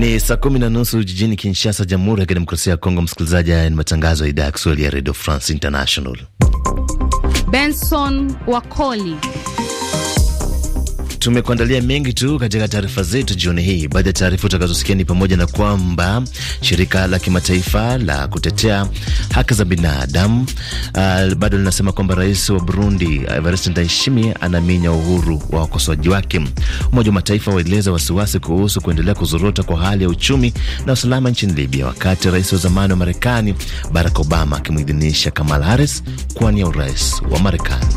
Ni saa kumi na nusu jijini Kinshasa, Jamhuri ya Kidemokrasia ya Kongo. Msikilizaji, haya ni matangazo ya idhaa ya Kiswahili ya Radio France International. Benson Wakoli Tumekuandalia mengi tu katika taarifa zetu jioni hii. Baadhi ya taarifa utakazosikia ni pamoja na kwamba shirika la kimataifa la kutetea haki za binadamu uh, bado linasema kwamba rais wa Burundi Evariste Ndayishimiye anaminya uhuru wa wakosoaji wake. Umoja wa Mataifa waeleza wasiwasi kuhusu kuendelea kuzorota kwa hali ya uchumi na usalama nchini Libya, wakati rais wa zamani wa Marekani Barack Obama akimwidhinisha Kamala Harris kuwania urais wa Marekani.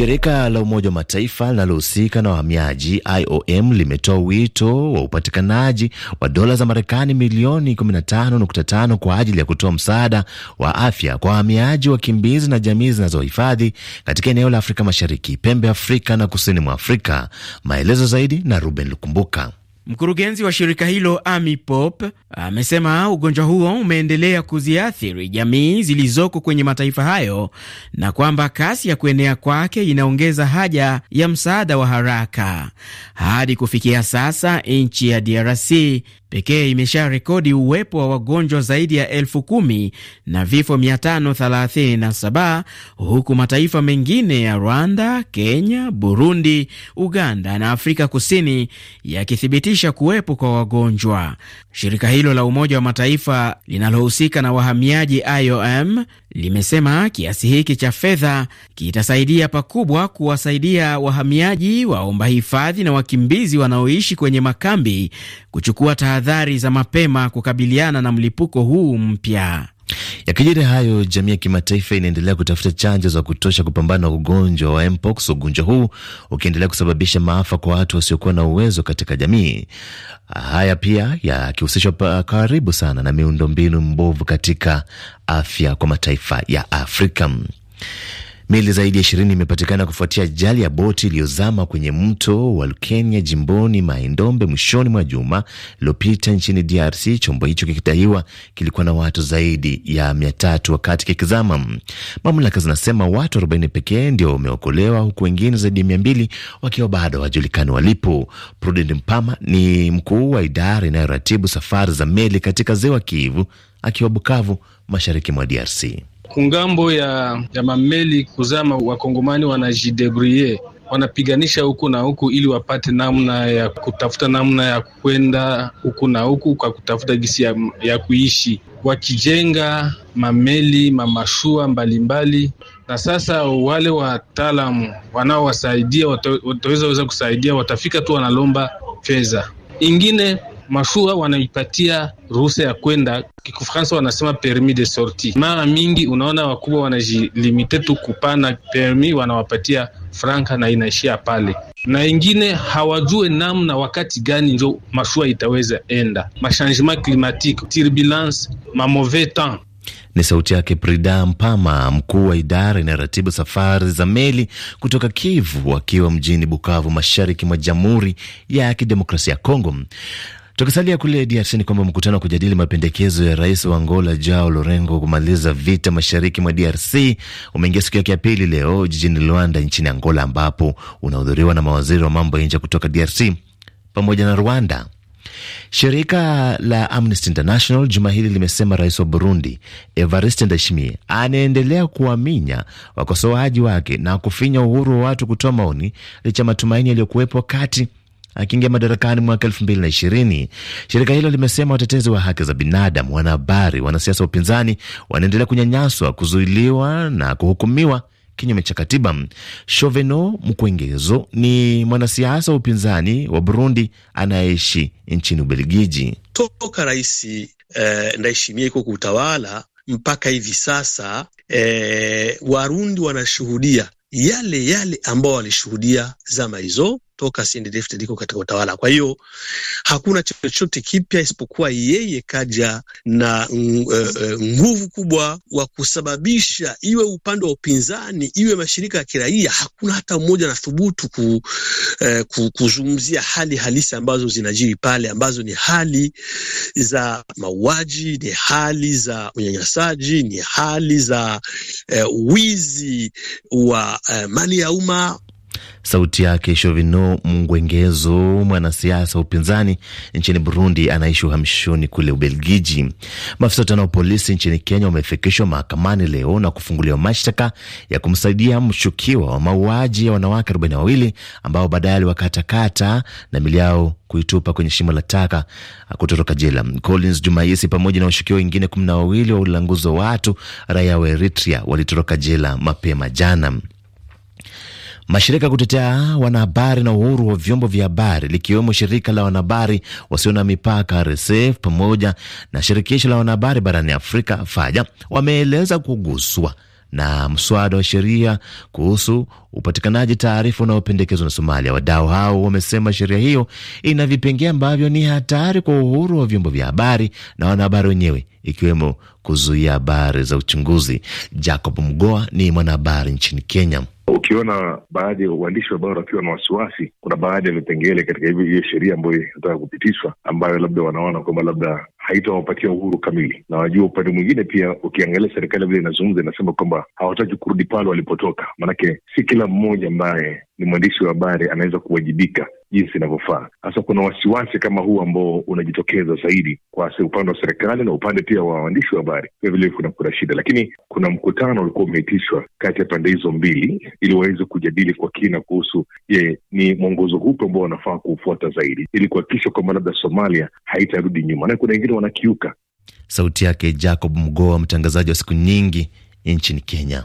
Shirika la Umoja wa Mataifa linalohusika na wahamiaji IOM limetoa wito wa upatikanaji wa dola za Marekani milioni 15.5 kwa ajili ya kutoa msaada wa afya kwa wahamiaji, wakimbizi na jamii zinazohifadhi katika eneo la Afrika Mashariki, pembe Afrika na kusini mwa Afrika. Maelezo zaidi na Ruben Lukumbuka. Mkurugenzi wa shirika hilo Amy Pope amesema ugonjwa huo umeendelea kuziathiri jamii zilizoko kwenye mataifa hayo na kwamba kasi ya kuenea kwake inaongeza haja ya msaada wa haraka. Hadi kufikia sasa nchi ya DRC pekee imesha rekodi uwepo wa wagonjwa zaidi ya elfu kumi na vifo 537 huku mataifa mengine ya Rwanda, Kenya, Burundi, Uganda na Afrika Kusini yakithibitisha kuwepo kwa wagonjwa. Shirika hilo la Umoja wa Mataifa linalohusika na wahamiaji IOM limesema kiasi hiki cha fedha kitasaidia pakubwa kuwasaidia wahamiaji, waomba hifadhi na wakimbizi wanaoishi kwenye makambi kuchukua tahadhari za mapema kukabiliana na mlipuko huu mpya. Yakijiri hayo, jamii ya kimataifa inaendelea kutafuta chanjo za kutosha kupambana na ugonjwa wa mpox, ugonjwa huu ukiendelea kusababisha maafa kwa watu wasiokuwa na uwezo katika jamii. Haya pia yakihusishwa karibu sana na miundombinu mbovu katika afya kwa mataifa ya Afrika. Meli zaidi ya ishirini imepatikana kufuatia ajali ya boti iliyozama kwenye mto wa Lukenya jimboni Maindombe mwishoni mwa juma iliopita nchini DRC. Chombo hicho kikidaiwa kilikuwa na watu zaidi ya mia tatu wakati kikizama. Mamlaka zinasema watu arobaini pekee ndio wameokolewa huku wengine zaidi ya mia mbili wakiwa bado hawajulikani walipo. Prudent Mpama ni mkuu wa idara inayoratibu safari za meli katika ziwa Kivu akiwa Bukavu, mashariki mwa DRC kungambo ya, ya mameli kuzama, wakongomani wanajidebrie wanapiganisha huku na huku ili wapate namna ya kutafuta namna ya kwenda huku na huku kwa kutafuta gisi ya, ya kuishi wakijenga mameli mamashua mbalimbali. Na sasa wale wataalamu wanaowasaidia wataweza weza kusaidia, watafika tu wanalomba fedha ingine mashua wanaipatia ruhusa ya kwenda, kikufransa wanasema permis de sortie. Mara mingi unaona wakubwa wanajilimite tu kupana permis, wanawapatia franka na inaishia pale, na ingine hawajue namna wakati gani njo mashua itaweza enda. Machangement climatique, turbulence, mauvais temps ni sauti yake Prida Mpama, mkuu wa idara inayoratibu safari za meli kutoka Kivu, akiwa mjini Bukavu, mashariki mwa Jamhuri ya Kidemokrasia ya Kongo. Tukisalia kule DRC ni kwamba mkutano wa kujadili mapendekezo ya rais wa Angola Jao Lorengo kumaliza vita mashariki mwa DRC umeingia siku yake ya pili leo jijini Luanda nchini Angola, ambapo unahudhuriwa na mawaziri wa mambo ya nje kutoka DRC pamoja na Rwanda. Shirika la Amnesty International juma hili limesema rais wa Burundi Evariste Ndayishimiye anaendelea kuwaminya wakosoaji wake na kufinya uhuru wa watu kutoa maoni licha matumaini yaliyokuwepo kati akiingia madarakani mwaka elfu mbili na ishirini. Shirika hilo limesema watetezi wa haki za binadamu, wanahabari, wanasiasa wa upinzani wanaendelea kunyanyaswa, kuzuiliwa na kuhukumiwa kinyume cha katiba. Shoveno Mkwengezo ni mwanasiasa wa upinzani wa Burundi anayeishi nchini Ubelgiji. Toka Rais eh, Ndayishimiye iko kutawala mpaka hivi sasa eh, Warundi wanashuhudia yale yale ambao walishuhudia zama hizo toka Sindi liko katika utawala. Kwa hiyo hakuna chochote kipya isipokuwa yeye kaja na eh, eh, nguvu kubwa wa kusababisha iwe upande wa upinzani iwe mashirika ya kiraia, hakuna hata mmoja anathubutu ku, eh, kuzungumzia hali halisi ambazo zinajiri pale, ambazo ni hali za mauaji, ni hali za unyanyasaji, ni hali za eh, wizi wa eh, mali ya umma Sauti yake Shovino Mngwengezo, mwanasiasa wa upinzani nchini Burundi anaishi uhamishoni kule Ubelgiji. Maafisa watano wa polisi nchini Kenya wamefikishwa mahakamani leo na kufunguliwa mashtaka ya kumsaidia mshukiwa wa mauaji ya wanawake arobaini na wawili ambao baadaye aliwakatakata na mili yao kuitupa kwenye shimo la taka kutoroka jela. Collins Jumaisi pamoja na washukiwa wengine kumi na wawili wa ulanguzi wa watu raia wa Eritrea walitoroka jela mapema jana. Mashirika kutetea wanahabari na uhuru wa vyombo vya habari likiwemo shirika la wanahabari wasio na mipaka RSF pamoja na shirikisho la wanahabari barani Afrika Faja wameeleza kuguswa na mswada wa sheria kuhusu upatikanaji taarifa unaopendekezwa na Somalia. Wadau hao wamesema sheria hiyo ina vipengee ambavyo ni hatari kwa uhuru wa vyombo vya habari na wanahabari wenyewe, ikiwemo kuzuia habari za uchunguzi. Jacob Mgoa ni mwanahabari nchini Kenya. Ukiona baadhi ya uandishi wa habari wakiwa na wasiwasi, kuna baadhi ya vipengele katika hivi hiyo sheria ambayo inataka kupitishwa, ambayo labda wanaona kwamba labda haitawapatia uhuru kamili, na wajua, upande mwingine pia ukiangalia serikali vile inazungumza, inasema kwamba hawataki kurudi pale walipotoka, maanake si kila mmoja ambaye ni mwandishi wa habari anaweza kuwajibika jinsi inavyofaa. Sasa kuna wasiwasi kama huu ambao unajitokeza zaidi kwa upande wa serikali na upande pia wa waandishi wa habari, vilevile kuna kuna shida, lakini kuna mkutano ulikuwa umeitishwa kati ya pande hizo mbili ili waweze kujadili kwa kina kuhusu je, ni mwongozo hupi ambao wanafaa kuufuata zaidi ili kuhakikisha kwamba labda Somalia haitarudi nyuma, na kuna wengine wanakiuka. Sauti yake Jacob Mgoa, mtangazaji wa siku nyingi nchini Kenya.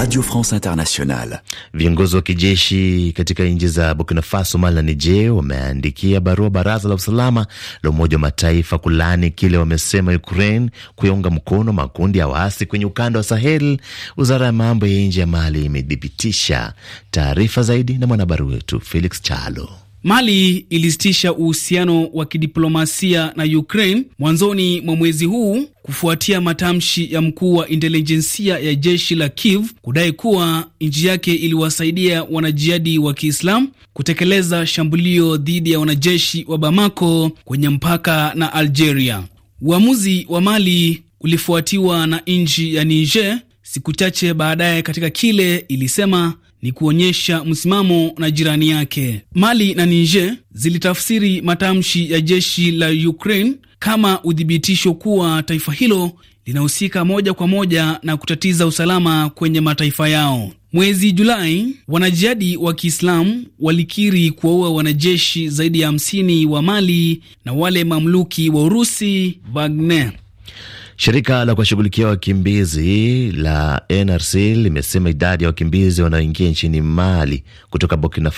Radio France Internationale. Viongozi wa kijeshi katika nchi za Burkina Faso, Mali na Niger wameandikia barua baraza la usalama la Umoja wa Mataifa kulaani kile wamesema Ukraine kuyaunga mkono makundi ya waasi kwenye ukanda wa Sahel. Wizara ya mambo ya nje ya Mali imethibitisha taarifa zaidi na mwanahabari wetu Felix Chalo. Mali ilisitisha uhusiano wa kidiplomasia na Ukraine mwanzoni mwa mwezi huu kufuatia matamshi ya mkuu wa intelijensia ya jeshi la Kiev kudai kuwa nchi yake iliwasaidia wanajihadi wa Kiislamu kutekeleza shambulio dhidi ya wanajeshi wa Bamako kwenye mpaka na Algeria. Uamuzi wa Mali ulifuatiwa na nchi ya Niger siku chache baadaye katika kile ilisema ni kuonyesha msimamo na jirani yake. Mali na Niger zilitafsiri matamshi ya jeshi la Ukraine kama uthibitisho kuwa taifa hilo linahusika moja kwa moja na kutatiza usalama kwenye mataifa yao. Mwezi Julai, wanajihadi wa Kiislamu walikiri kuwaua wanajeshi zaidi ya 50 wa Mali na wale mamluki wa Urusi Wagner. Shirika la kuwashughulikia wakimbizi la NRC limesema idadi ya wakimbizi wanaoingia nchini Mali kutoka Burkina,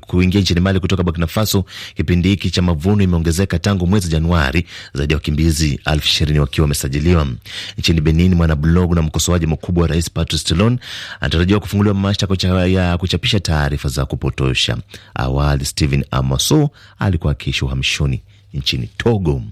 kuingia nchini Mali kutoka Burkina Faso kipindi hiki cha mavuno imeongezeka tangu mwezi Januari, zaidi ya wakimbizi elfu ishirini wakiwa wamesajiliwa. Nchini Benin, mwanablogu na mkosoaji mkubwa wa rais Patrice Talon anatarajiwa kufunguliwa mashtaka ya kuchapisha taarifa za kupotosha. Awali Stephen Amoso alikuwa akiishi uhamishoni nchini Togo.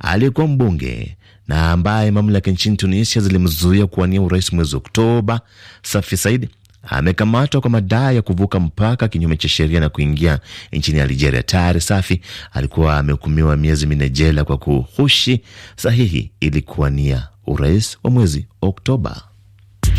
Aliyekuwa mbunge na ambaye mamlaka nchini Tunisia zilimzuia kuwania urais mwezi Oktoba, Safi Said amekamatwa kwa madai ya kuvuka mpaka kinyume cha sheria na kuingia nchini Algeria. Tayari Safi alikuwa amehukumiwa miezi minne jela kwa kuhushi sahihi ili kuwania urais wa mwezi Oktoba.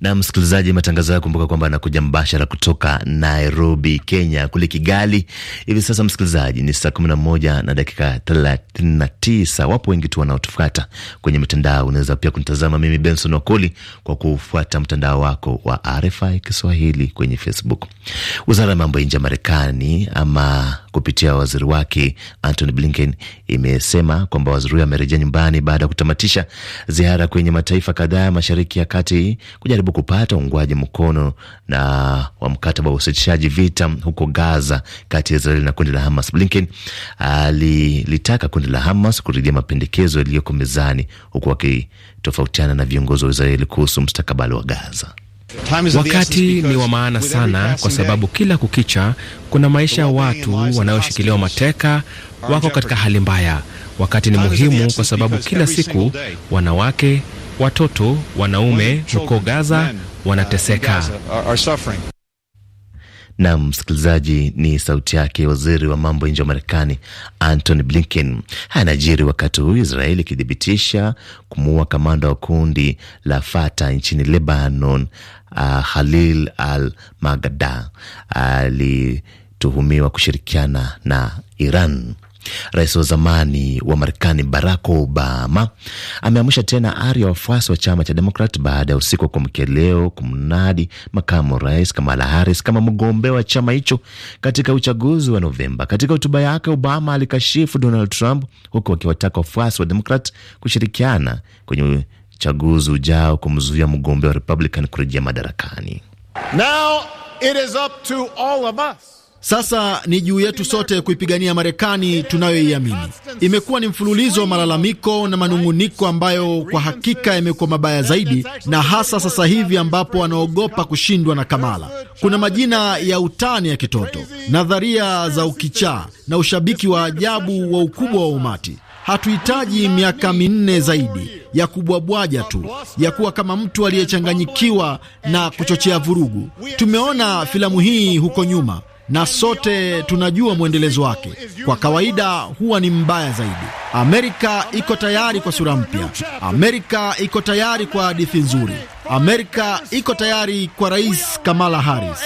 Na msikilizaji, matangazo haya kumbuka kwamba anakuja mbashara kutoka Nairobi, Kenya. Kule Kigali hivi sasa, msikilizaji, ni saa 11 na dakika 39. Wapo wengi tu wanaotufuata kwenye mitandao. Unaweza pia kunitazama mimi Benson Wakoli kwa kufuata mtandao wako wa RFI Kiswahili kwenye Facebook. Wizara ya mambo ya nje ya Marekani ama kupitia waziri wake Antony Blinken imesema kwamba waziri huyo amerejea nyumbani baada ya kutamatisha ziara kwenye mataifa kadhaa ya Mashariki ya Kati kujaribu kupata uungwaji mkono na wa mkataba wa usitishaji vita huko Gaza kati ya Israeli na kundi la Hamas. Blinken alilitaka kundi la Hamas kuridhia mapendekezo yaliyoko mezani huku wakitofautiana na viongozi wa Israeli kuhusu mstakabali wa Gaza. Wakati ni wa maana sana, kwa sababu kila kukicha kuna maisha ya watu wanaoshikiliwa mateka, wako katika hali mbaya. Wakati ni muhimu kwa sababu kila siku wanawake, watoto, wanaume huko Gaza wanateseka. Na msikilizaji, ni sauti yake waziri wa mambo ya nje wa Marekani Antony Blinken. najiri wakati huu Israeli ikithibitisha kumuua kamanda wa kundi la Fata nchini Lebanon, uh, Khalil al Magada alituhumiwa kushirikiana na Iran. Rais wa zamani wa Marekani Barack Obama ameamsha tena ari ya wafuasi wa chama cha Demokrat baada ya usiku wa kuamkia leo kumnadi makamu rais Kamala Harris kama mgombea wa chama hicho katika uchaguzi wa Novemba. Katika hotuba yake, Obama alikashifu Donald Trump huku akiwataka wafuasi wa Demokrat kushirikiana kwenye uchaguzi ujao kumzuia mgombea wa Republican kurejea madarakani. Now it is up to all of us. Sasa ni juu yetu sote kuipigania Marekani tunayoiamini. Imekuwa ni mfululizo wa malalamiko na manung'uniko ambayo kwa hakika yamekuwa mabaya zaidi, na hasa sasa hivi ambapo wanaogopa kushindwa na Kamala. Kuna majina ya utani ya kitoto, nadharia za ukichaa na ushabiki wa ajabu wa ukubwa wa umati. Hatuhitaji miaka minne zaidi ya kubwabwaja tu ya kuwa kama mtu aliyechanganyikiwa na kuchochea vurugu. Tumeona filamu hii huko nyuma na sote tunajua mwendelezo wake kwa kawaida huwa ni mbaya zaidi. Amerika iko tayari kwa sura mpya. Amerika iko tayari kwa hadithi nzuri. Amerika iko tayari kwa Rais Kamala Harris.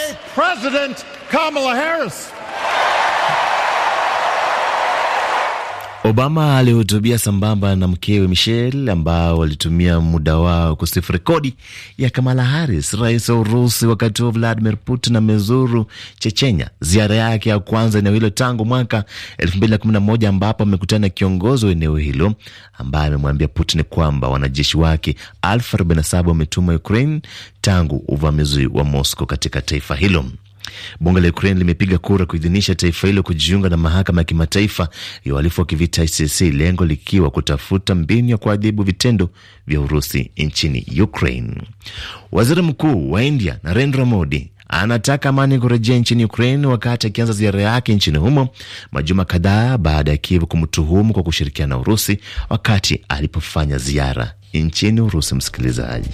Obama alihutubia sambamba na mkewe Michelle ambao walitumia muda wao kusifu rekodi ya Kamala Harris, rais wa Urusi. Wakati huo Vladimir Putin amezuru Chechenya, ziara yake ya kwanza eneo hilo tangu mwaka 2011 ambapo amekutana na kiongozi wa eneo hilo ambaye amemwambia Putin kwamba wanajeshi wake 47 wametuma Ukraine tangu uvamizi wa Moscow katika taifa hilo. Bunge la Ukraine limepiga kura kuidhinisha taifa hilo kujiunga na mahakama ya kimataifa ya uhalifu wa kivita ICC, lengo likiwa kutafuta mbinu ya kuadhibu vitendo vya Urusi nchini Ukraine. Waziri Mkuu wa India Narendra Modi anataka amani kurejea nchini Ukraine wakati akianza ziara yake nchini humo majuma kadhaa baada ya Kiev kumtuhumu kwa kushirikiana na Urusi wakati alipofanya ziara nchini Urusi. Msikilizaji.